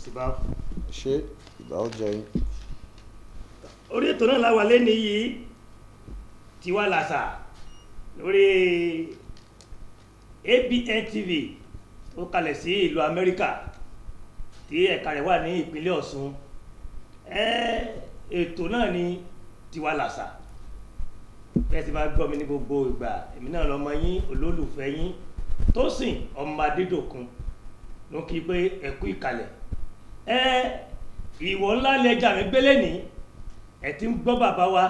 ìsìbáwò. ṣé ìbáwò jẹun. orí ètò náà la wà lẹ́ni yìí tiwa làṣà lórí ABN TV ó kalẹ̀ sí ìlú Amẹ́ríkà tí ẹ̀ka rẹ̀ wà ní ìpínlẹ̀ Ọ̀ṣun ètò náà ni tiwa làṣà bẹ́ẹ̀ ti máa gbọ́ mi ní gbogbo ìgbà èmi náà lọ́mọ yín olólùfẹ́ yín Tósìn ọmọ Adédòkun ló kí pé ẹ̀kú ìkàlẹ̀ ẹ ìwọ ńlá ni ẹja mi gbélé ní ẹ ti ń gbọ́ bàbá wa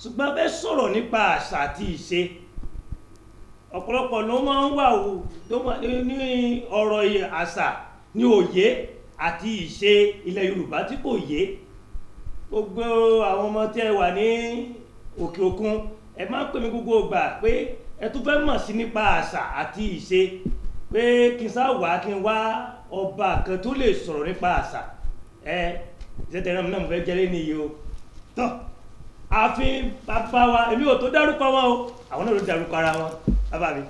ṣùgbọ́n fẹ́ sọ̀rọ̀ nípa àṣà àti ìṣe ọ̀pọ̀lọpọ̀ ló máa ń wà ní ọ̀rọ̀ àṣà ní òye àti ìṣe ilẹ̀ Yorùbá tí kò yé gbogbo àwọn ọmọ tí ẹ wà ní òkè òkun ẹ máa ń pè mí gbogbo ìgbà pé ẹ tún fẹ́ mọ̀ sí nípa àṣà àti ìṣe pé kí n sá wà kí n wá ọba kan tó lè sọ̀rọ̀ nípa àṣà ẹ ìṣẹ́tẹ̀ náà náà mo fẹ́ jẹ́lé ní iye o tọ́ àfin bàbá wa èmi ò tó dárúkọ wọn o àwọn náà ló dárúkọ ara wọn bàbá mi.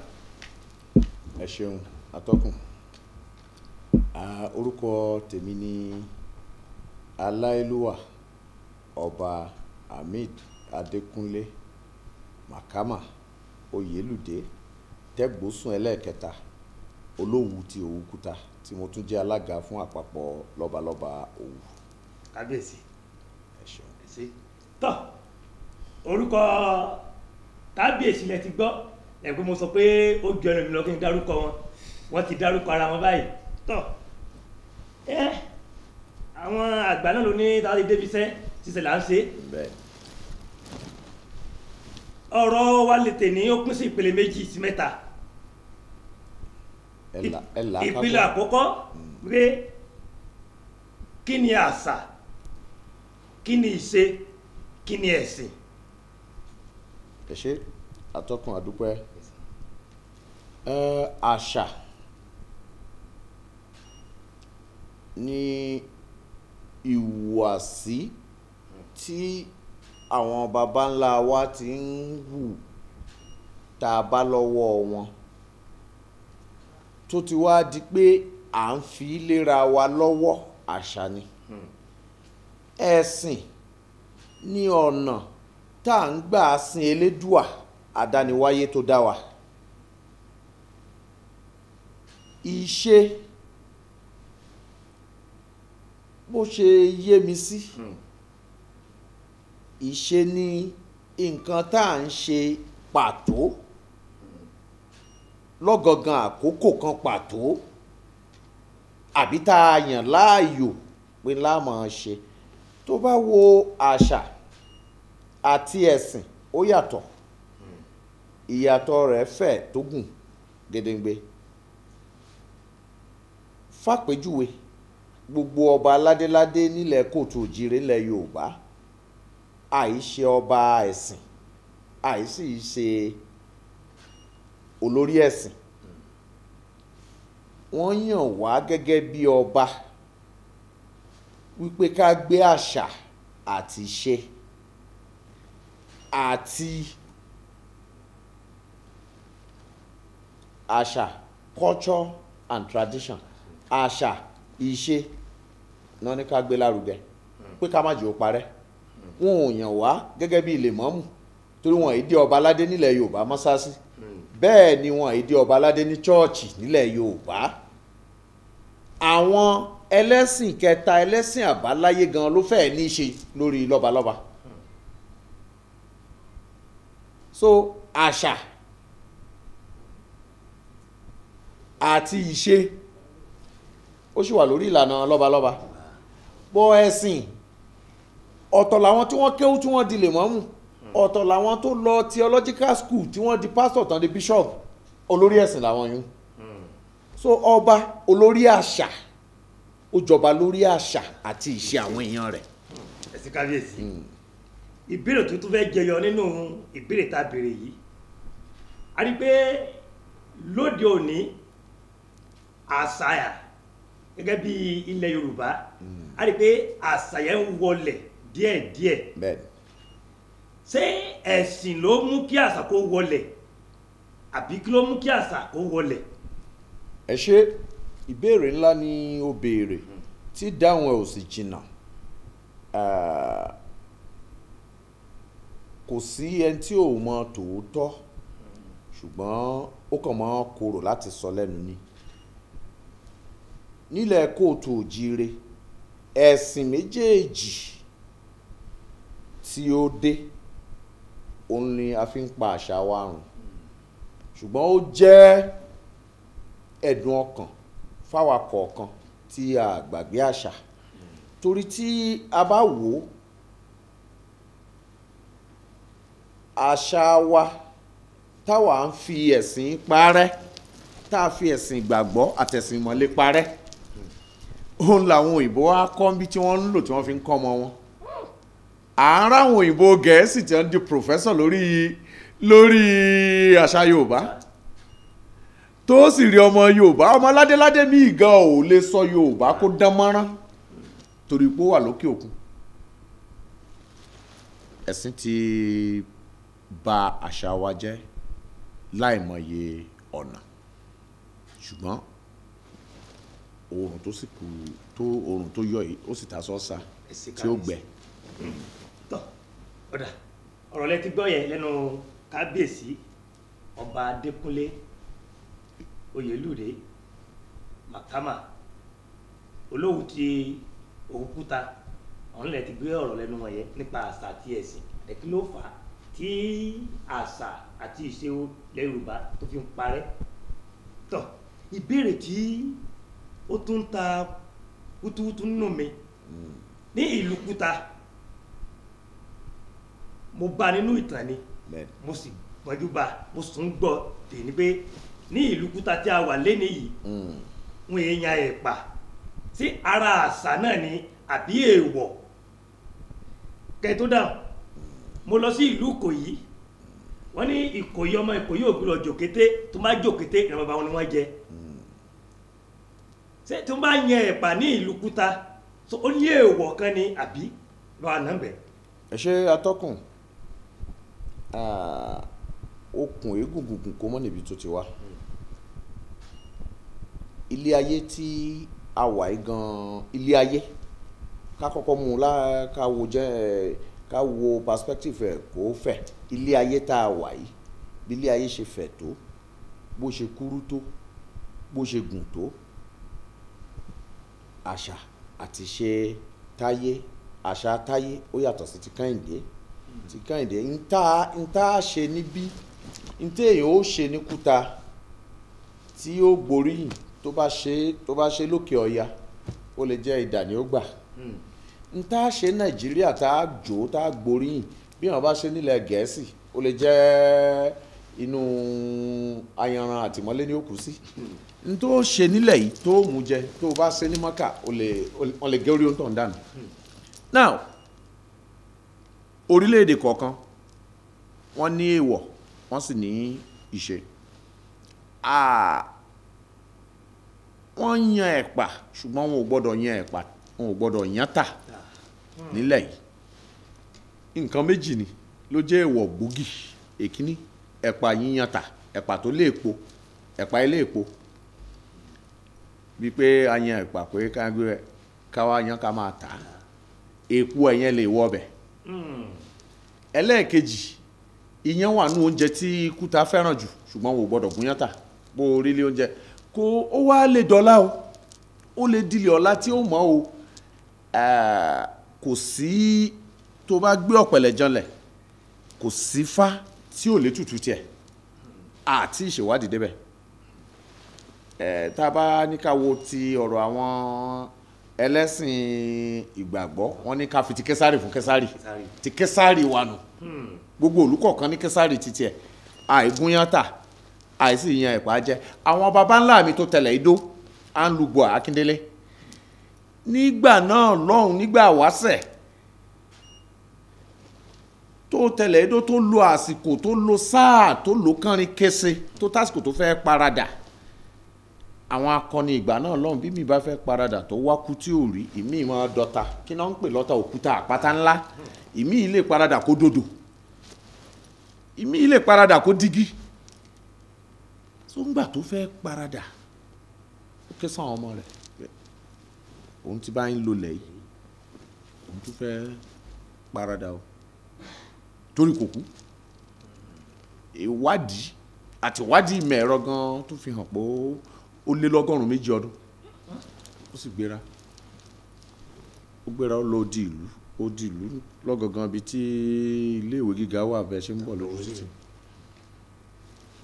ẹ ṣeun atọ́kùn orúkọ tèmi ni aláìlúwà ọba hamid adékúnlé makama oyèlúdé tẹgbósùn ẹlẹ́ẹ̀kẹta. E olówu ti Òwu Kúta tí mo tún jẹ́ alága fún àpapọ̀ lọ́balọ́ba Òwu. kábíyèsí ẹ ṣeun. ẹ ṣe tán orúkọ kábíyèsí lẹ ti gbọ́ ẹ̀gbọ́n mo sọ pé ó ju ẹnu mi lọ kí n dárúkọ wọn wọ́n ti dárúkọ ara wọn báyìí tán ẹ àwọn àgbà náà ló ní tàbí débi sẹ́ là ń ṣe. ọ̀rọ̀ wa lè tè ní ó pín sí ìpele méjì sí mẹ́ta ìpìlẹ̀ àkọ́kọ́ rẹ kí ni àṣà kí ni ìṣe kí ni ẹ̀sìn. ẹ ṣe àtọkùn àdúpẹ́ àṣà ni ìhùwàsí tí àwọn baba ńlá wa ti ń hù tá a bá lọ́wọ́ wọn tó ti wá di pé à ń fi léra wa lọ́wọ́ àṣà ni ẹ̀sìn ní ọ̀nà tá à ń gbà sin elédùà àdániwáyé tó dá wa ìṣe bó ṣe yé mi sí hmm. ìṣe ni nǹkan tá à ń ṣe pàtó. Hmm lọ́gangan àkókò kan pàtó àbí tá a yàn láàyò pé láàmọ̀ ṣe tó bá wo àṣà àti ẹ̀sìn ó yàtọ̀ ìyàtọ̀ rẹ̀ fẹ̀ tó gùn gédéǹgbé fàpèjúwe gbogbo ọba aládéládé nílẹ̀ kóòtù òjìrè nílẹ̀ Yorùbá àìṣe ọba ẹ̀sìn àìsí ṣe. Ọba, olórí ẹ̀sìn wọ́n yàn wá gẹ́gẹ́ bí ọba wípé ká gbé àṣà àti ṣe àti àṣà culture and tradition àṣà ìṣe náà ní ká gbé lárugẹ pé ká má jẹ́ ó parẹ́ wọn ò yàn wá gẹ́gẹ́ bí ilé mọ́mù torí wọn èdè ọba aládé nílẹ̀ yorùbá mọ́sáàsì bẹ́ẹ̀ ni wọn èdè ọba aládé ní chọ́ọ̀chì nílẹ̀ yorùbá àwọn ẹlẹ́sìn kẹta ẹlẹ́sìn àbáláyé gan ló fẹ́ẹ̀ ní í ṣe lórí lọ́balọ́ba so àṣà àti ìṣe ó sì wà lórí ìlànà lọ́balọ́ba bọ́ ẹ̀sìn ọ̀tọ̀ làwọn tí wọ́n kéwú tí wọ́n di lè mọ́mù ọ̀tọ̀ làwọn tó lọ theological school tí wọ́n di pastor tán di bishop olórí ẹ̀sìn làwọn yìí so ọba olórí àṣà ó jọba lórí àṣà àti ìṣe àwọn èèyàn rẹ̀. ẹ̀sìn kábíyèsí ìbéèrè tó tún fẹ́ jẹyọ nínú ìbéèrè tá a béèrè yìí a rí pé lóde òní àṣàyà gẹ́gẹ́ bí ilẹ̀ yorùbá a rí pé àṣàyà ń wọlẹ̀ díẹ̀díẹ̀ ṣé ẹ̀sìn ló mú kí àṣà kó wọlẹ̀ àbí kí ló mú kí àṣà kó wọlẹ̀. ẹ ṣe ìbéèrè ńlá ni o béèrè tí dáhùn ẹ ò sì jìnnà kò sí ẹni tí ò mọ tòótọ́ ṣùgbọ́n ó kàn mọ́ korò láti sọ lẹ́nu ni nílẹ̀ kóòtù òjíire ẹ̀sìn méjèèjì tí ó dé òun ni a fi ń pa àṣà wa rùn ṣùgbọ́n ó jẹ́ ẹ̀dùn ọkàn fáwa kọ̀ọ̀kan tí a gbàgbé àṣà torí tí a bá wò ó àṣà wa táwa ń fi ẹ̀sìn parẹ́ tá a fi ẹ̀sìn ìgbàgbọ́ àtẹ̀sìn ìmọ̀lé parẹ́ òun làwọn òyìnbó wa tí wọ́n ń lò tí wọ́n fi ń kọ́ ọmọ wọn à ń ráwọn òyìnbó gẹ̀ẹ́sì tí wọ́n di professor lórí lórí àṣà yorùbá tó sì rí ọmọ yorùbá ọmọ ládéládé mi ìgàn ò lè sọ yorùbá kó dán mọ́rán torí pé ó wà lókè òkun ẹ̀sìn ti bà àṣà wa jẹ́ láìmọye ọ̀nà ṣùgbọ́n oòrùn tó sì kú tó oòrùn tó yọ yìí ó sì ta sọ́ọ́sà tí ó gbẹ. Mm ọ̀dà ọ̀rọ̀ lẹ ti gbọ́ yẹn lẹ́nu kábíyèsí ọba adékúnlé oyèlúre màkàmà olówù ti òkúta ọ̀hún lẹ ti gbé ọ̀rọ̀ lẹ́nu wọn yẹn nípa àṣà àti ẹ̀sìn ẹ̀kí ló fà á tí àṣà àti ìṣe ilẹ̀ tó fi ń parẹ́ tán ìbéèrè tí ó tún ta wútúwútú nínú mi hmm. ní ìlú kúta mo bá nínú ìtàn ni mo sì gbọ́njú bá mo sì gbọ́ tèmi pé ní ìlú kúta tí a wà léni yìí hmm. wọn èèyàn ẹ̀pà sí ara àṣà náà ni àbí èèwọ̀ kẹ́ tó dáhùn mo lọ sí ìlú Ìkòyí wọ́n ní Ìkòyí ọmọ Ìkòyí ògbúlọ̀ jòkété tó má jòkété ìran bàbá wọn ni wọ́n jẹ hmm. ṣé tó bá yan ẹ̀pà ní ìlú kúta ó ní èèwọ̀ kan ni àbí lọ́wọ́ àná bẹ̀. ẹ ṣe atọ́kùn okùn eégún gùngùn kó mọ́ níbi tó ti wá ilé ayé tí a wà yìí gan-an ilé ayé ká kọ́kọ́ mú un lá ká wo jẹ́ ẹ̀ ká wo perspective ẹ̀ kó fẹ̀ ilé ayé tá a wà yìí bí ilé ayé ṣe fẹ̀ tó bó ṣe kúrú tó bó ṣe gùn tó àṣà àti ṣe táyé àṣà táyé ó yàtọ̀ sí ti kẹ́hìndé ti Kẹ́hìndé ntá ntá ṣe níbí ntá èèyàn ó ṣe ní Kúta tí ó gboríyìn tó bá ṣe tó bá ṣe lókè ọ̀ya ó lè jẹ́ ìdàní ó gbà hmm. ntá ṣe Nàìjíríà tá a jò tá a gboríyìn bí wọn bá ṣe nílẹ̀ Gẹ̀ẹ́sì ó lè jẹ́ inú ayanran àtìmọ́lé ni ó kù sí hmm. n tó ṣe nílẹ̀ yìí tó mú jẹ tó bá ṣe ní mọ́kà ó lè ó ohun tó ń dànù hmm. now orílẹ̀-èdè kọ̀ọ̀kan wọ́n ní èèwọ̀ wọ́n sì ní ìṣe wọ́n yan ẹ̀pà ṣùgbọ́n wọn ò gbọ́dọ̀ yan ẹ̀pà wọn ò gbọ́dọ̀ yan tà nílẹ̀ yìí nǹkan méjì ni ló jẹ́ èèwọ̀ gbòógì èkíní ẹ̀pà yíyan tà ẹ̀pà tó lé èpo ẹ̀pà ilé èpo bíi pé a yan ẹ̀pà pé ká gbé ká wá yan ká máa tà èpo ẹ̀yẹn lè wọ bẹ́ẹ̀. ẹlẹ́ẹ̀kejì ìyẹn wà nù oúnjẹ tí kúta fẹ́ràn jù ṣùgbọ́n wò gbọ́dọ̀ gúnyán tà bó o rí lé oúnjẹ kó o wá lè dọ́là o ó lè dilẹ̀ ọ̀la tí ó mọ̀ o kò sí tó bá gbé ọ̀pẹ̀lẹ̀ janlẹ̀ kò sí fá tí ò lè tutù tiẹ̀ àti ìṣèwádìí débẹ̀ tá a bá ní ká wo ti ọ̀rọ̀ àwọn ẹlẹ́sìn ìgbàgbọ́ wọn ní ká fi ti késàrì fún késàrì ti késàrì wa nù hmm. gbogbo olùkọ̀ọ̀kan ní késàrì títí ẹ̀ àìgúnyán tà àìsí yan ẹ̀pà jẹ àwọn baba ńlá mi tó tẹ̀lé idó à ń lu bọ̀ akíndélé nígbà náà lọ́hùn nígbà wáṣẹ̀ tó tẹ̀lé idó tó lo àsìkò tó lo sáà tó lo kánrin kése tó tásìkò tó fẹ́ paradà àwọn akọni ìgbà náà lọ́hùn bí mi bá fẹ́ paradà tó wákú tí ò rí ìmí máa dọ̀tà kí náà ń pè lọ́tà òkúta àpáta ńlá ìmí ilé paradà kó dòdò ìmí ilé paradà kó dígí tó ń gbà tó fẹ́ paradà ó ké sàn ọmọ rẹ̀ òun ti bá ń lolẹ̀ yìí òun tún fẹ́ paradà o torí kò kú ìwádìí àti ìmọ̀ ẹ̀rọ gan tó fi hàn pé ó ó lé lọ́gọ́rùn-ún méjì ọdún ó sì gbéra ó gbéra ó lọ di ìlú ó di ìlú lọ́gangan ibi tí iléèwé gíga wà bẹ́ẹ̀ ṣe ń bọ̀ lórí títì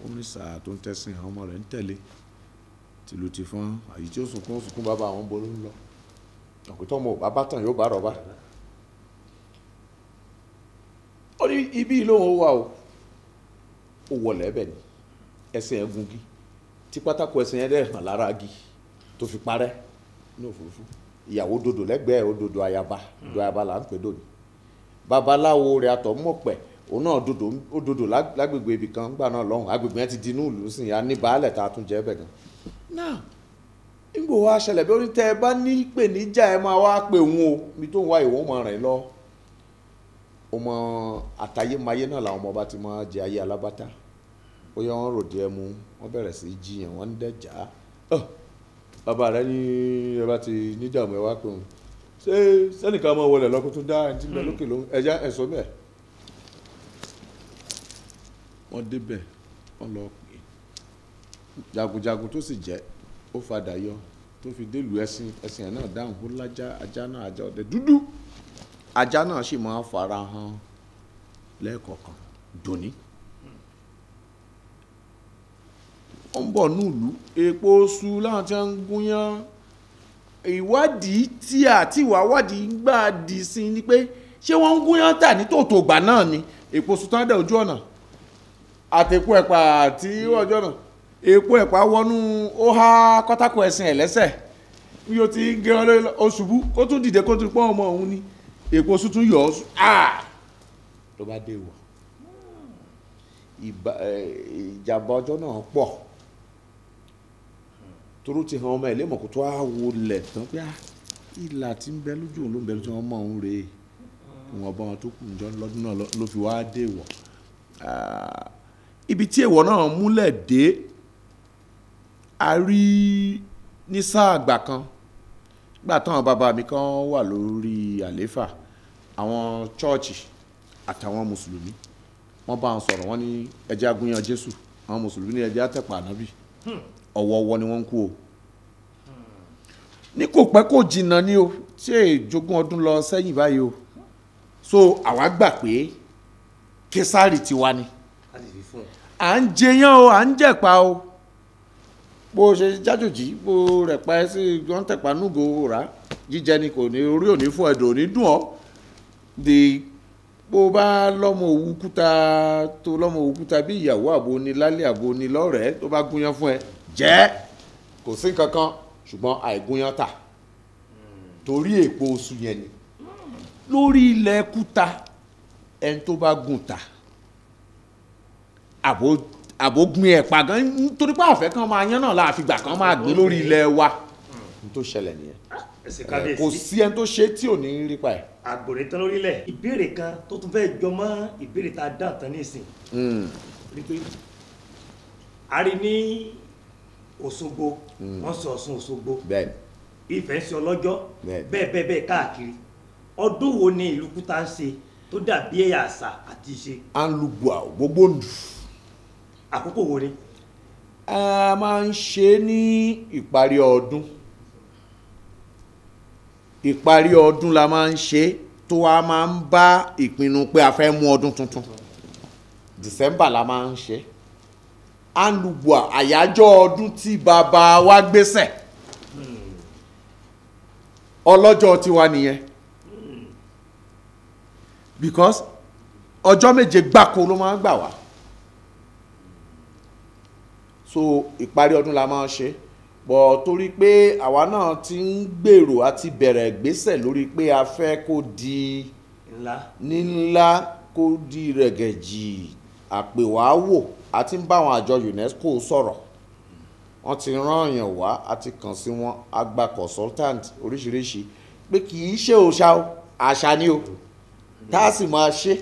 ó ní sàá tó ń tẹ́sìn àwọn ọmọ rẹ̀ ń tẹ̀lé tìlù ti fún àyè tí ó sunkún sunkún bàbá àwọn bolú ń lọ ọ̀pẹ̀tọ́ ọmọ bàbá tàn yóò bá rọ̀bà ó ní ibi ìlú òun wà o ó wọlé ẹbẹ̀ ni ẹsẹ̀ ẹ̀gúngí tí pátákó ẹsẹ̀ yẹn dẹ̀ hàn lára agi tó fi parẹ́ ní òfurufú ìyàwó dodo lẹ́gbẹ̀ẹ́ òdodo ayaba òdodo ayaba là ń pè dòní babaláwo atọ àtọ̀ mọ̀pẹ̀ òun náà dodo ó dodo lágbègbè ibì kan gbà náà lọ́hùn agbègbè yẹn ti di inú ìlú sìn ní tá a tún gan. náà wa ṣẹlẹ̀ bí orí o mi tó ń wá lọ. ọmọ àtayémayé náà làwọn ọmọ bá ti máa jẹ ayé alábàtà ó yẹ wọ́n bẹ̀rẹ̀ sí í jiyàn wọ́n ń dẹ̀já bàbá rẹ ní ẹ bá ti níjàmù ẹ wá pé òun ṣé sẹ́nìkan máa wọlé lọ́kùn tó dá ẹni tí ń bẹ lókè lóhùn ẹ̀yà ẹ̀sọ́ bẹ́ẹ̀ wọ́n débẹ̀ wọ́n lọ pè jagunjagun tó sì jẹ́ ó fadà yọ tó fi délùú ẹṣin ẹṣin ẹ̀ náà dáhùn ó lájá ajá náà ajá ọdẹ dúdú ajá náà sì máa fara hàn lẹ́ẹ̀kọ̀ọ̀kan dòní bọ̀ nílùú epo oṣù láwọn tí wọ́n ń gúnyán ìwádìí tí àti ìwà wádìí gbà dì sí ni pé ṣé wọ́n ń gúnyán tà ní tòótọ́ ìgbà náà ni epo oṣù tán dẹ̀ ojú ọ̀nà àtẹ̀kù ẹ̀pà àti ọjọ́ náà epo ẹ̀pà wọnú ó kọ́tàkù ẹ̀sìn ẹ̀ bí o ti ń gé wọn lórí oṣùbù kó tún dìde kó tún pọ́n ọmọ òun ni epo oṣù tún yọ ọ́ ah! ló bá dé wọ̀ ìjàmbá ọjọ́ náà pọ̀ toró ti hàn ọmọ ẹ̀ lé mọ̀kútó àwo lẹ̀ tán pé ah, ìlà tí ń bẹ lójú òun ló ń bẹ lójú ọmọ òun rèé ìwọ̀n ọba wọn tó kù níjọ́ lọ́dún náà ló fi wá dé ìwọ̀ ah, ibi tí èèwọ̀ náà múlẹ̀ dé a rí ní sáà àgbà kan gbà táwọn bàbá mi kan wà lórí àléfà àwọn chọ́ọ̀chì àtàwọn mùsùlùmí wọ́n bá wọn sọ̀rọ̀ wọ́n ní ẹjẹ́ agúnyan jésù àwọn mùsùlùmí ní ẹjẹ́ àtẹ̀pà ànábì hmm ọ̀wọ̀ọ̀wọ̀ ni wọ́n ń kú o ní kò pẹ́ kò jìnnà ni o tí èjogún ọdún lọ sẹ́yìn báyìí o so àwa gbà pé késàrì tiwa ni à ń jẹyàn o à ń jẹ̀pa o bó ṣe jájòjì bó rẹ̀ pa ẹ́ sí gbọ́ntẹ̀pá núgo rà jíjẹ ni kò ní orí òní fún ẹ̀dùn òní dùn ọ́ di bó bá lọ́mọ òwúkúta tó lọ́mọ òwúkúta bí ìyàwó àbò ni lálẹ́ àbò ni lọ́rẹ̀ẹ́ tó bá gúnyán fún ẹ jẹ́ kò sí nǹkan kan ṣùgbọ́n àìgúnyán tà torí èpo oṣù yẹn ni lórí ilẹ̀ kúta ẹni tó bá gùn ta àbò àbò gbin ẹ̀pà gan nítorí pé àfẹ́ kan máa yán náà láàfin gbà kan máa gbé lórí ilẹ̀ wa n tó ṣẹlẹ̀ nìyẹn kò sí ẹni tó ṣe tí ò ní rí pa ẹ̀. àgbòrè tán lórílẹ̀ ìbéèrè kan tó tún fẹ́ẹ́ jọ mọ́ ìbéèrè tá a dá tán nísìn. Hmm. a rí ní Òṣogbo hmm. wọ́n sọ Ọ̀ṣun Òṣogbo Ifẹ̀ ń sọ ọlọ́jọ́ bẹ́ẹ̀ bẹ́ẹ̀ bẹ́ẹ̀ káàkiri ọdún wo ni ìlú Kúta ń ṣe tó dàbí ẹ̀yà àṣà àti ìṣe. à ń lu bua gbogbo ń dù. àkókò wo ni. a máa ń ṣe ní ìparí ọdún ìparí ọdún la máa ń ṣe tó a máa ń bá ìpinnu pé a fẹ́ mú ọdún tuntun December la máa ń ṣe alùwà àyájọ́ ọdún tí bàbá wa gbésẹ̀ ọlọ́jọ́ tiwa nìyẹn because ọjọ́ méje gbáko ló máa ń gbà wá so ìparí ọdún la máa ń ṣe bọ̀ torí pé àwa náà ti ń gbèrò àti bẹ̀rẹ̀ ìgbésẹ̀ lórí pé a fẹ́ kó di ńlá ní ńlá kó di rẹ̀gẹ̀jì àpèwà wò a ti ń bá àwọn àjọ UNESCO sọ̀rọ̀ wọ́n ti rán èèyàn wá a ti kàn sí wọn a consultant oríṣiríṣi pé kì í ṣe òòṣà o àṣà ni o tá a sì máa ṣe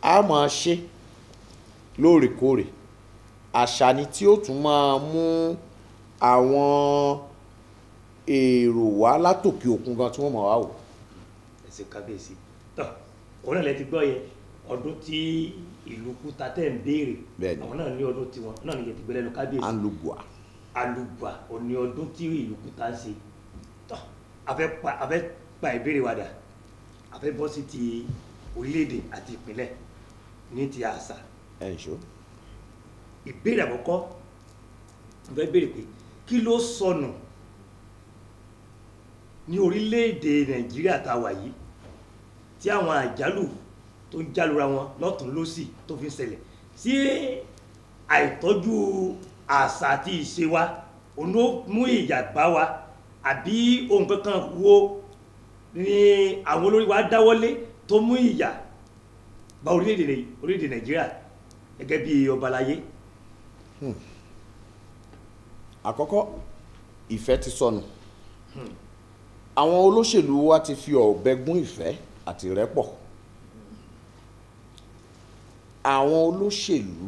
a máa ṣe lóòrèkóòrè àṣà ni tí ó tún máa mú àwọn èrò wá látòkè òkun gan tí wọ́n máa wá wò. ẹ kábíyèsí tán òun náà lè ti gbọ́ yẹn ọdún tí ìlú kúta tẹ́ ń béèrè àwọn náà ní ọdún tiwọn náà ní yẹtìgbẹ́ lẹ́nu kábíyèsí. alùgbà. alùgbà òní ọdún tí ìlú kúta ń ṣe tọ́ afẹ́ pa ìbéèrè wa dà afẹ́ bọ́ sí ti orílẹ̀-èdè àti ìpínlẹ̀ ní ti àṣà. ẹ ǹ ṣó. ìbéèrè àkọ́kọ́ mo fẹ́ béèrè pé kí ló sọnù ní orílẹ̀-èdè nàìjíríà tá a wà yìí tí àwọn àjálù tó ń jálura wọn lọ́tún lọ́sì tó fi ń ṣẹlẹ̀ sí àìtọ́jú àṣà àti ìṣe wa òun ló mú ìjà bá wa àbí ohun kankan wo ni àwọn olórí wa dáwọ́lé tó mú ìjà bá orílẹ̀-èdè nàìjíríà gẹ́gẹ́ bí ọba aláyé. Hmm. àkọ́kọ́ ìfẹ́ ti sọnù hmm. àwọn olóṣèlú wa ti fi ọ̀bẹ gún ìfẹ́ àti rẹ́pọ̀ àwọn olóṣèlú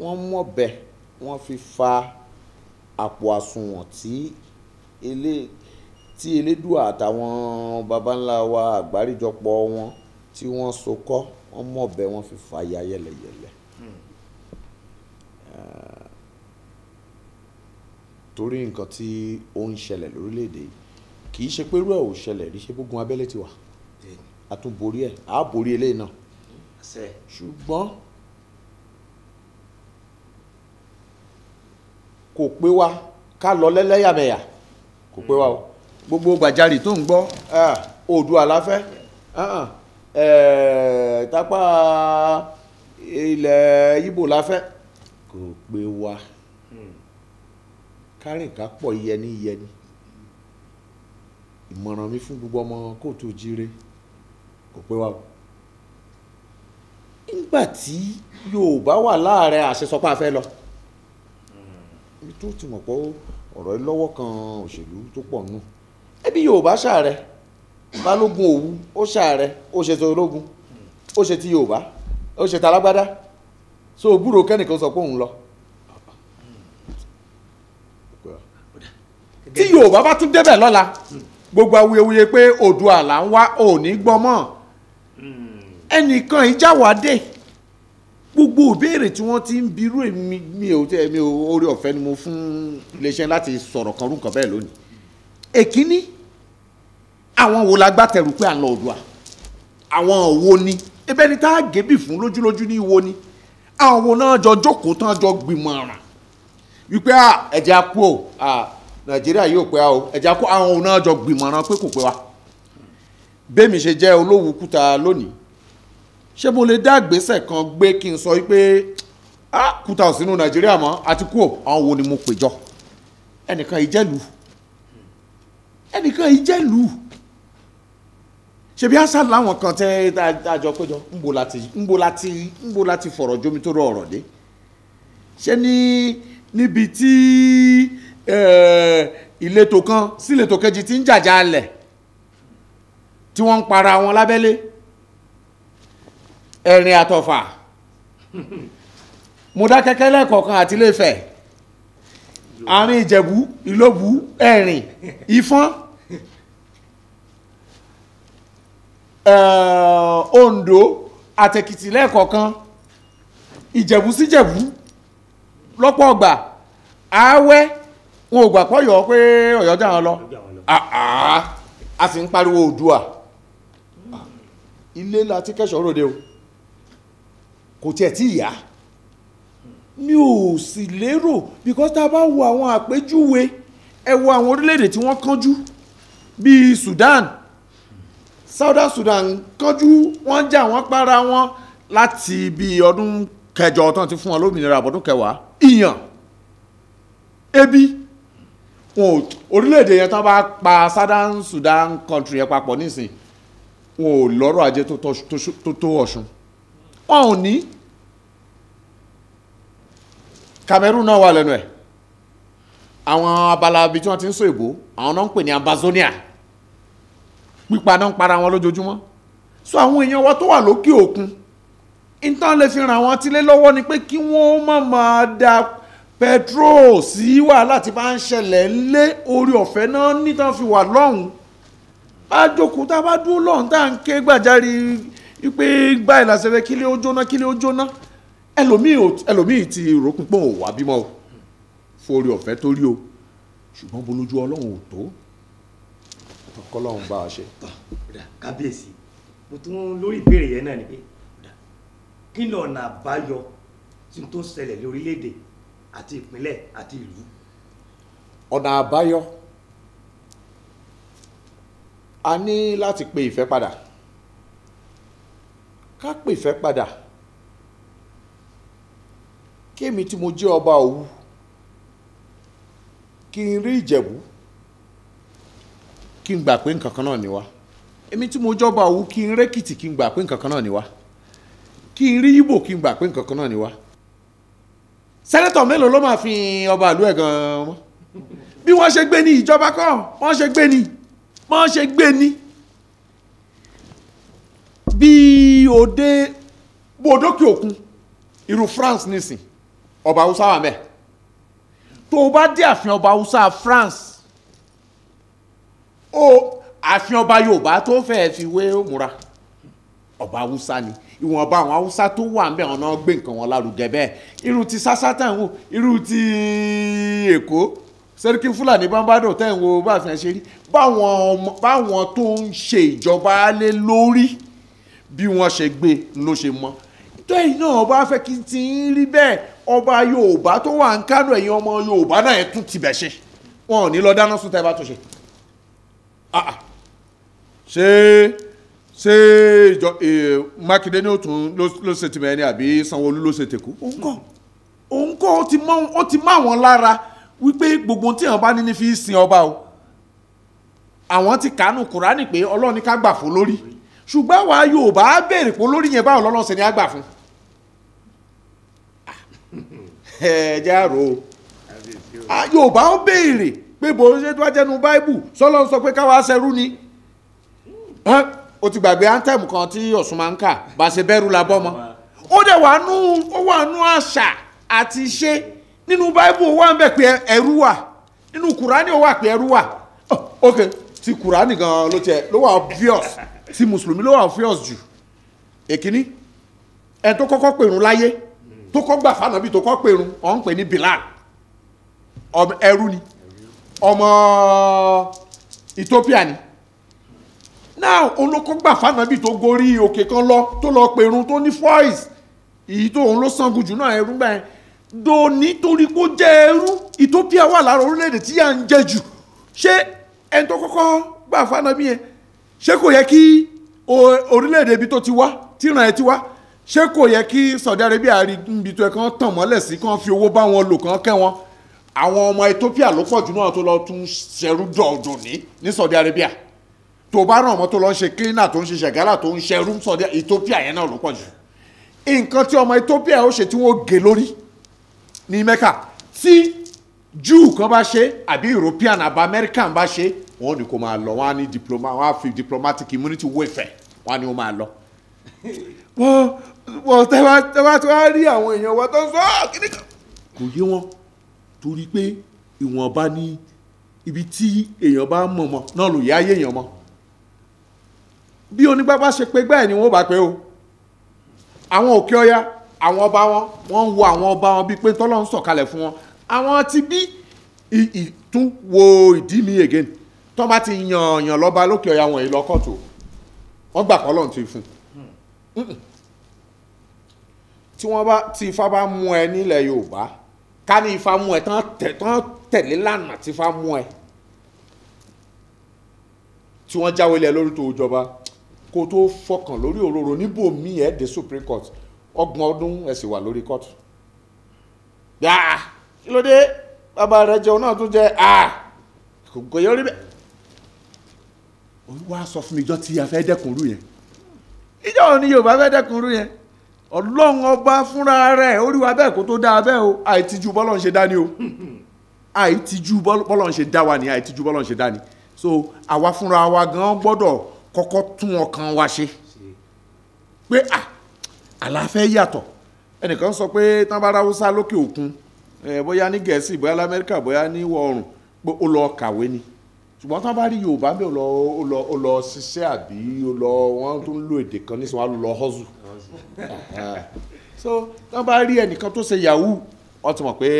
wọ́n mọ̀bẹ wọ́n fi fa àpò àsùnwọ̀n tí tí elédùà àtàwọn baba ńlá wa àgbáríjọpọ̀ wọn tí wọ́n so kọ́ wọ́n mọ̀bẹ wọ́n fi fa ya yẹlẹyẹlẹ. torí nǹkan tí ó ń ṣẹlẹ̀ lórílẹ̀‐èdè yìí kì í ṣe pé irú ẹ̀ ò ṣẹlẹ̀ rí ṣe gbógun abẹ́lé ti wà a tún borí ẹ̀ a borí eléyìí náà ṣùgbọ́n kò pé wa ká lọ lẹ́lẹ́yàmẹ̀yà kò pé wa o gbogbo gbàjarì tó ń gbọ́ oòdùà la fẹ́ tápá ilẹ̀ ibo la fẹ́ kò pé wa kárìnká pọ̀ yẹni yẹni ìmọ̀ràn mi fún gbogbo ọmọ kóòtù jíire kò pé wa o nígbà tí Yorùbá wà láàrin àṣesọpá fẹ́ lọ tó ti mọ̀ pé ọ̀rọ̀ ẹ lọ́wọ́ kan òṣèlú tó pọ̀ nù ẹbí yorùbá ṣàrẹ balógun òwu ó ṣàrẹ ó ṣe tó ológun ó ṣe ti yorùbá ó ṣe talágbádá so búrò kẹ́nìkan sọ pé òun lọ. tí yorùbá bá tún débẹ̀ lọ́la gbogbo awuyewuye pé oòdùà là ń wá òní gbọ́mọ̀ hmm. ẹnìkan ìjáwá dé gbogbo ìbéèrè tí wọ́n ti ń birú èmi mi ò tẹ́ mi oore ọ̀fẹ́ ni mo fún iléeṣẹ́ láti sọ̀rọ̀ kan rúkàn bẹ́ẹ̀ lónìí èkíní àwọn wo la gbàtẹ̀rù pé à ń lọ Oòduà àwọn wo ni ebẹ́ ni tá a gébì fún lójúlójú ní ìwo ni àwọn wo náà jọ jókòó tán jọ gbìmọ̀ràn wípé ẹ̀jẹ̀ á kú o Nàìjíríà yóò pẹ́ o ẹ̀jẹ̀ á àwọn wo náà jọ gbìmọ̀ràn pé kò pẹ́ wa bẹ́ẹ̀ mi ṣe jẹ́ olówó kúta lónìí ṣé mo lè dá ìgbésẹ̀ kan gbé kí n sọ pé ah kúta ò sínú nàìjíríà mọ́ àti kú àwọn wo ni mo pè jọ ẹnìkan ìjẹ́lu ẹnìkan ìjẹ́lu ṣebí àṣà làwọn kan tẹ àjọ péjọ ńbo láti ńbo láti ńbo láti fọ̀rọ̀ jómi tó rọ ọ̀rọ̀ dé ṣé ní níbi tí ìletò kan sí ìletò kejì ti ń jàjà alẹ̀ tí wọ́n ń para wọn lábẹ́lé ẹ̀rìn àtọ̀fà Mọdákẹ́kẹ́ lẹ́kọ̀ọ̀kan àti Ilé-Ifẹ̀ àárín Ìjẹ̀bú Ìlóbù ẹ̀rìn Ìfọ́n Oǹdó àtẹ̀kìtì lẹ́kọ̀ọ̀kan Ìjẹ̀bú síjẹ̀bú lọ́pọ̀ ọgbà àáwẹ́ wọn ò gbà pọ́yọ̀ pé Ọ̀yọ́ jà wọn lọ a sì ń pariwo Oòduà ilé la ti kẹ́sọ̀ ròde o kò tiẹ̀ tí ìyá mi ò sì lérò because tá a bá wo àwọn àpèjúwe ẹ wo àwọn orílẹ̀-èdè tí wọ́n kánjú bíi Sudan Southern Sudan kánjú wọ́n jà wọ́n para wọn láti bíi ọdún kẹjọ tán ti fún wọn lómìnira àbọ̀dún kẹwàá ìyàn ebi wọn orílẹ̀-èdè yẹn tán bá pa Southern Sudan country yẹn papọ̀ nísìn wọn ò lọ́rọ̀ ajé tó tó Ọ̀ṣun wọn ò ní Cameroon náà wà lẹ́nu ẹ̀ àwọn abala ibi tí wọ́n ti ń so ìbò àwọn náà ń pè ní Amazonia pípa náà ń para wọn lójoojúmọ́ so àwọn èèyàn wa tó wà lókè òkun intan lè fi ràn àwọn atílé lọ́wọ́ ni pé kí wọ́n má máa da petrol sí wàhálà tí bá ń ṣẹlẹ̀ ńlé orí ọ̀fẹ́ náà nítan fi wà lọ́hùn-ún bá jókòó tá a bá dúró lọ́hùn-ún tá à ń ké gbàjarì wípé báyìí la ṣe fẹ́ kílé ó jóná kílé ó jóná ẹlòmíì ẹlòmíì ti ròkun pé òun wà bímọ o forí ọ̀fẹ́ tó rí o ṣùgbọ́n bolójú ọlọ́run ò tó kọ́lọ́run bá a ṣe. kábíyèsí mo tún lórí ìbéèrè yẹn náà ni pé kí ni ọ̀nà àbáyọ tí n tó ṣẹlẹ̀ lórílẹ̀‐èdè àti ìpínlẹ̀ àti ìlú. ọ̀nà àbáyọ a ní láti pe ìfẹ́ padà ká pè fẹ́ padà kémi tí mo jẹ́ ọba Òwu kí n rí Ìjẹ̀bú kí n gbà pé nǹkan kan náà ni wá èmi tí mo jọba Òwu kí n rẹ́kìtì kí n gbà pé nǹkan kan náà ni wá kí n rí Ìgbò kí n gbà pé nǹkan kan náà ni wá sẹ́nẹ́tọ̀ mélòó ló máa fi ọba ìlú ẹ̀ gan-an mọ́ bí wọ́n ṣe gbé ní ìjọba kọ́ wọ́n ṣe gbé ní wọ́n ṣe gbé ní bíi tí o dé bó o dókè òkun France nísìn ọba Hausa wà mẹ́ẹ̀ tó o bá dé àfin ọba Hausa France o àfin ọba Yorùbá tó fẹ́ẹ́ fi wé múra ọba Hausa ni ìwọ̀nba àwọn Hausa tó wà ńbẹ̀ wọn náà gbé nǹkan wọn lárugẹ bẹ́ẹ̀ irú ti sásá tẹ̀ ń wò irú ti Èkó sẹ́ríkì Fúlàní bámbádò tẹ̀ ń wò báfin ẹ̀ ṣe rí báwọn tó ń ṣe ìjọba lé lórí bí wọ́n ṣe gbé ló ṣe mọ́ tẹ́yìn náà bá fẹ́ kí n ti ń rí bẹ́ẹ̀ ọba yorùbá tó wà ń kánú ẹ̀yin ọmọ yorùbá náà ẹ̀ tún tibẹ̀ ṣe wọn ò ní lọ dáná sún tẹ́ bá tó ṣe ah, ah. ṣé ṣé ìjọ mákindé ní òtún ló ṣe tìmọ̀ ẹni àbí sanwó-olú ló ṣe tèkú. òun kọ́ òun kọ́ ó ti mọ àwọn lára wípé gbogbo tí àwọn bá ní ní fi sin ọba o àwọn ti kánú kúránì pé ọlọ́run ká gbà fún lórí ṣùgbọ́n àwa Yorùbá á béèrè pé olórí yẹn báwo lọ́lọ́sẹ̀ ni á gbà fún ah. ẹ jẹ́ àrò ah, Yorùbá ó béèrè pé bò ń ṣe tó wá jẹnu báíbù sọlọ ń sọ pé káwa ṣẹrú ni o ti gbàgbé anthem kan tí Ọ̀ṣun máa ń kà bá ṣe bẹ́rù la bọ́ mọ́ ó dẹ̀ wà nú àṣà àti ṣe nínú báíbù ó wà ń bẹ̀ pé ẹrú wà nínú kùránì ó wà pé ẹrú wà oh, ok ti kùránì gan ló tiẹ̀ ló wà obvious tí mùsùlùmí ló wà fíọ́s jù èkíní ẹ tó kọ́kọ́ pèrún láyé tó kọ́ gbà fànàbí tó kọ́ pèrún ọ̀ ń pè ní Bilal ẹrú ni ọmọ Ethiopia ni now olókọ́ gbà fànàbí tó gorí òkè kan lọ tó lọ pèrún tó ní foils èyí tó òun ló sangu jù náà ẹrú gbà yẹn do nítorí pé ó jẹ́ ẹrú Ethiopia wà lára orílẹ̀-èdè tí yà ń jẹ jù ṣé ẹni tó kọ́kọ́ gbà fànàbí yẹn ṣé kò yẹ kí orílẹ̀-èdè ibi tó ti wá tí ìran ẹ ti wá ṣé kò yẹ kí Saudi Arabia rí ibi tó ẹ kàn tàn mọ́lẹ̀ sí kàn fi owó bá wọn lò kàn kẹ́ wọn àwọn ọmọ Ethiopia ló pọ̀ jù náà tó lọ tún ṣẹrú dọ̀dọ̀ ní ní Saudi Arabia tó bá ràn wọ́n tó lọ ṣe cleaner tó ń ṣe ṣẹ̀gálà tó ń ṣẹrú Saudi Ethiopia yẹn náà ló pọ̀ jù nǹkan tí ọmọ Ethiopia ó ṣe tí wọ́n gé lórí ní Mecca tí Jew kan bá ṣe àbí European àbá American bá ṣe wọ́n ní kó máa lọ wọ́n á ní diploma wọ́n á fi diplomatic immunity wéfẹ̀ wọ́n á ní kó máa lọ. wọ́n wọ́n tẹ́ bá tẹ́ bá tí wọ́n á rí àwọn èèyàn wa tó ń sọ ah, kíni kan. kò yé wọn torí pé ìwọ̀nba ní ibi tí èèyàn bá mọ̀ mọ́ náà ló yẹ ayé èèyàn mọ́ bí onígbà bá ṣe pé gbẹ́ẹ̀ ni wọ́n bá pé o àwọn òkè ọya àwọn ọba wọn wọ́n ń wo àwọn ọba wọn bíi pé tọ́lọ́ ń sọ̀kalẹ̀ fún wọn àwọn ti bí ìtún wo ìdí mi again tó bá ti yan yan lọ́ba lókè ọ̀yà wọn èyí lọ́kọ̀tù wọ́n gbà pọ́ lọ́n ti fún tí wọ́n bá tí ifá bá mú ẹ nílẹ̀ Yorùbá ká ní ifá mú ẹ tán tẹ̀lé lánà tí ifá mú ẹ tí wọ́n jáwé lẹ lórí tó jọba kó tó fọkàn lórí òróró níbo mi ẹ̀ dé Supreme Court ọgbọ̀n ọdún ẹ̀ sì wà lórí court yáa kí ló dé bàbá rẹ jẹun náà tún jẹ ah kò yọrí bẹ́ẹ̀ olúwa sọ fún mi ìjọ tí a fẹ́ dẹ́kun rú yẹn ìjọ òun ni yorùbá fẹ́ dẹ́kun rú yẹn ọlọ́run ọba fúnra rẹ̀ ó wa bẹ́ẹ̀ kó tó dáa bẹ́ẹ̀ o àìtijú bọ́lọ́run ṣe dá ni o àìtijú bọ́lọ́run ṣe dá wa ni àìtijú bọ́lọ́run ṣe dá ni so àwa fúnra wa gan gbọ́dọ̀ kọ́kọ́ tún ọkàn wa ṣe pé à àlàáfẹ́ yàtọ̀ ẹnìkan sọ pé tán bá ráwúsá lókè òkun bóyá ní gẹ̀ẹ́sì bóyá lamẹ́ríkà bóyá ní ìwọ̀ pé ó lọ kàwé ni ṣùgbọ́n tí wọ́n bá rí yorùbá bí ó lọ ṣiṣẹ́ àbí wọ́n tó ń lo èdè kan nísìnyí wọ́n á lọ hustle so tí wọ́n bá rí ẹnìkan tó ṣe yahoo wọ́n ti mọ̀ pé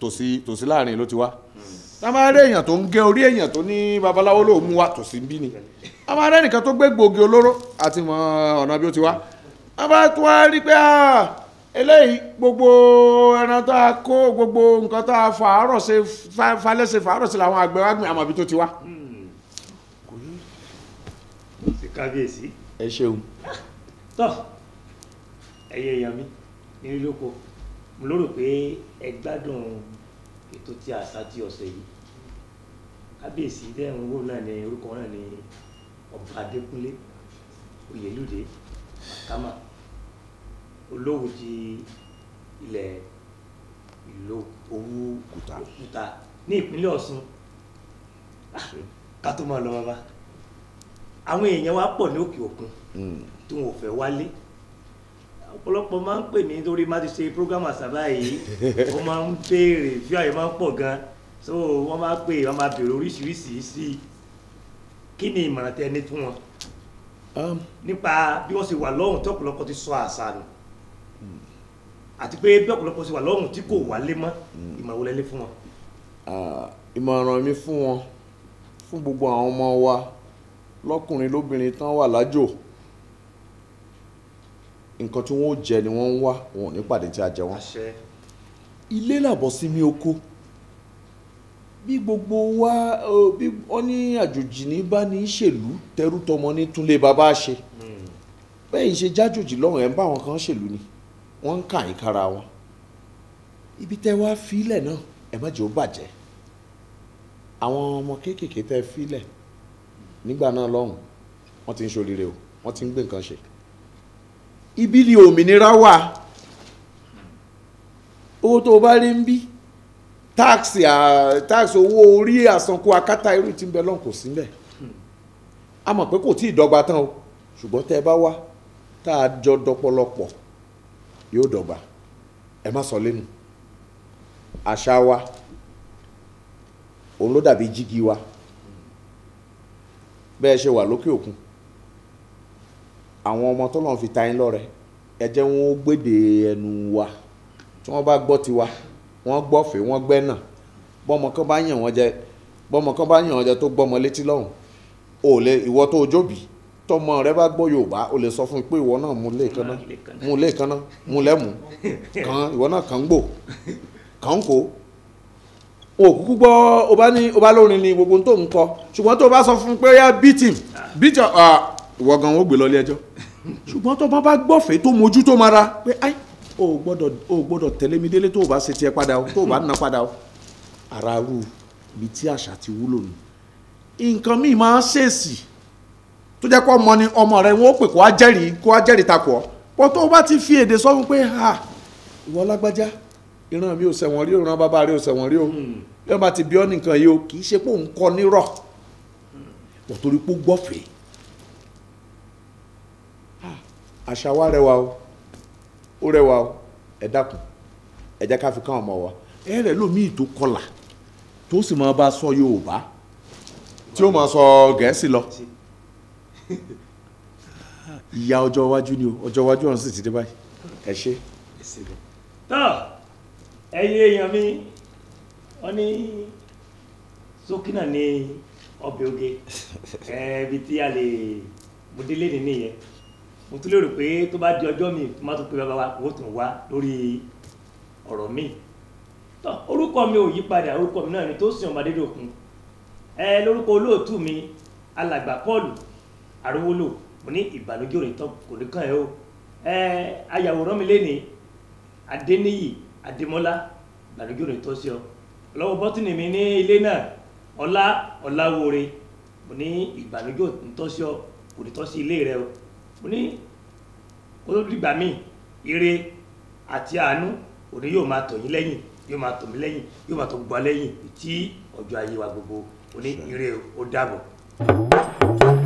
tòsí tòsí láàrin ló ti wá tí wọ́n bá rí èèyàn tó ń gé orí èèyàn tó ní babaláwo ló mú wa tòsí ń bí ni wọ́n bá rí ẹnìkan tó gbé gbòógì olóró àti mọ̀ ọ̀nà bí ó ti wá wọ́n bá tó wá rí pé ah eléyìí gbogbo ẹran tó a kó gbogbo nǹkan tó a fọ àárọ̀ ṣe falẹ̀ ṣe fàárọ̀ ṣe làwọn àgbẹ̀ wá gbìn àmọ̀bí tó ti wá. Hmm. ṣe kábíyèsí. ẹ ṣeun. tọ́ ẹyẹ èèyàn mi ní lóko mo lérò pé ẹ gbádùn ètò tí a sá ti ọ̀sẹ̀ yìí kábíyèsí dẹ́rùn owó náà ní orúkọ náà ní ọba adékúnlé oyèlúdé kàmáà olówó di ilẹ̀ ìlò owó kùtà ní ìpínlẹ̀ ah, ọ̀ṣun ká tó máa lọ bàbá àwọn èèyàn wa pọ̀ ní òkè òkun hmm. tí wọn ò fẹ́ wálé ọ̀pọ̀lọpọ̀ máa ń pè mí nítorí má ti ṣe program àṣàbá yìí wọ́n máa ń béèrè fí àyè máa ń pọ̀ gan so wọ́n máa pè wọ́n máa béèrè oríṣiríṣi sí i kí ni ìmọ̀ràn tẹ ní fún wọn um. nípa bí wọ́n ṣe wà lọ́hùn tí ọ̀pọ̀lọpọ̀ ti sọ àṣà nù àti pé bí ọ̀pọ̀lọpọ̀ ṣe wà lọ́rùn tí kò wálé mọ́ ìmọ̀wò lẹ́lé fún wọn. ìmọ̀ràn mi fún wọn fún gbogbo àwọn ọmọ wa lọ́kùnrin lóbìnrin tán wà lájò nǹkan tí wọ́n ó jẹ ni wọ́n ń wá wọn ò ní pàdé tí a jẹ wọn. ilé làbọ̀ sí mi oko bí gbogbo wa bí wọ́n ní àjòjì ní bá ní ṣèlú tẹrú tọmọ ní túnlé bàbá ṣe hmm. bẹ́ẹ̀ ṣe jájòjì lọ́rùn ẹ̀ ń bá àwọn kan ṣèlú ni wọ́n ń kà yín kára wọn ibi tẹ́ wá fílẹ̀ náà ẹ má jẹ́ ó bàjẹ́ àwọn ọmọ kéékèèké tẹ́ fílẹ̀ nígbà náà lọ́hùn wọ́n ti ń ṣoríire o wọ́n ti ń gbé nǹkan ṣe ibi ni òmìnira wà owó tó o bá rí ń bí táàksì táàksì owó orí àsanko akátá irú tí ń bẹ lọ́hùn kò sí ń a mọ̀ pé kò tí ì dọ́gba tán o ṣùgbọ́n tẹ́ ẹ bá wá tá a jọ dọpọlọpọ̀ yóò dọ́gba ẹ má sọ lẹ́nu àṣà wa òun ló dàbí jígi wa bẹ́ẹ̀ ṣe wà lókè òkun àwọn ọmọ tọ́lọ́run fi ta yín lọ́rẹ ẹ jẹ́ wọn ó gbèdè ẹnu wa tí wọ́n bá gbọ́ tiwa wọ́n gbọ́fẹ́ wọ́n gbẹ́ náà bọ́mọ kan bá yàn wọ́n jẹ bọ́mọ kan bá yàn wọ́n jẹ tó gbọ́mọ létí lọ́hùn-ún ò lè ìwọ tó o jóbi tọmọ rẹ bá gbọ́ yorùbá o lè sọ fún un pé ìwọ náà mú lé kaná mú lé kaná mú lẹ́mú kan ìwọ náà kàn ń gbò kàn ń kó o kúkú gbọ́ o bá ní o bá lórin ni gbogbo tó ń kọ ṣùgbọ́n tó o bá sọ fún un pé yá beat him beat him ah, ìwọ gan ó gbé lọ ilé ẹjọ́ ṣùgbọ́n tó o bá bá gbọ́fẹ̀ẹ́ tó mojú tó mara pé ai o gbọ́dọ̀ o gbọ́dọ̀ tẹ̀lé mi délé tó o bá ṣe tiẹ̀ padà o tó o bá nà padà o ara rú ibi tí àṣà ti wúlò nù nǹkan míì máa ń ṣèèsì tó jẹ́ pé ọmọ ni ọmọ rẹ wọ́n pè kó wá jẹ́rìí kó wá jẹ́rìí takò pọ̀ tó bá ti fi èdè sọ pé ha ìwọ lágbájá ìran mi ò ṣẹ̀wọ̀n rí ìran bàbá rẹ ò ṣẹ̀wọ̀n rí o hmm. bí wọ́n bá ti bí ọ́ nìkan yìí o kì í ṣe pé òun kọ nírọ̀ pọ̀ torí pé ó gbọ́fẹ̀ẹ́ àṣà wa rẹwà o ó rẹwà o ẹ dákun ẹ jẹ́ ká fi kàn ọmọ wa ẹ rẹ lómiì tó kọlà tó sì máa bá sọ Yorùbá tí ó máa sọ Gẹ̀ẹ́sì lọ. Si ìyá ọjọ́ iwájú ni o ọjọ́ iwájú ọ̀run sì ti dé báyìí ẹ ṣe. tọ́ ẹ̀yin èèyàn mi wọ́n ní sókí náà ní ọbẹ̀ oge ẹ̀ẹ́bi tí a lè mú délé ní nìyẹn mo tún lérò pé tó bá di ọjọ́ mi tó má tún pé bàbá wa owó tó ń wá lórí ọ̀rọ̀ mi tọ́ orúkọ mi ò yí padà orúkọ mi náà ni Tósìn Ọmọ Adédòkun ẹ lórúkọ olóòtú mi alàgbà Pọ́ọ̀lù arówólò mo ní ìbànújẹ́ òní tán kò ní kàn ẹ́ o ẹ ayàwòrán mi lẹ́ni adéníyì adémọ́lá ìbànújẹ́ òní tán sí ọ lọ́wọ́ bọ́tìnì mi ní ilé náà ọlá ọláwore mo ní ìbànújẹ́ òní tán sí ọ kò ní tán sí ilé rẹ o mo ní kó tó dìgbà míì ire àti àánú òní yóò máa tọ̀ yín lẹ́yìn yóò máa tọ̀ mí lẹ́yìn yóò máa tọ̀ gbọ́ lẹ́yìn tí ọjọ́ ayé wa gbogbo òní ire ó dàbọ̀.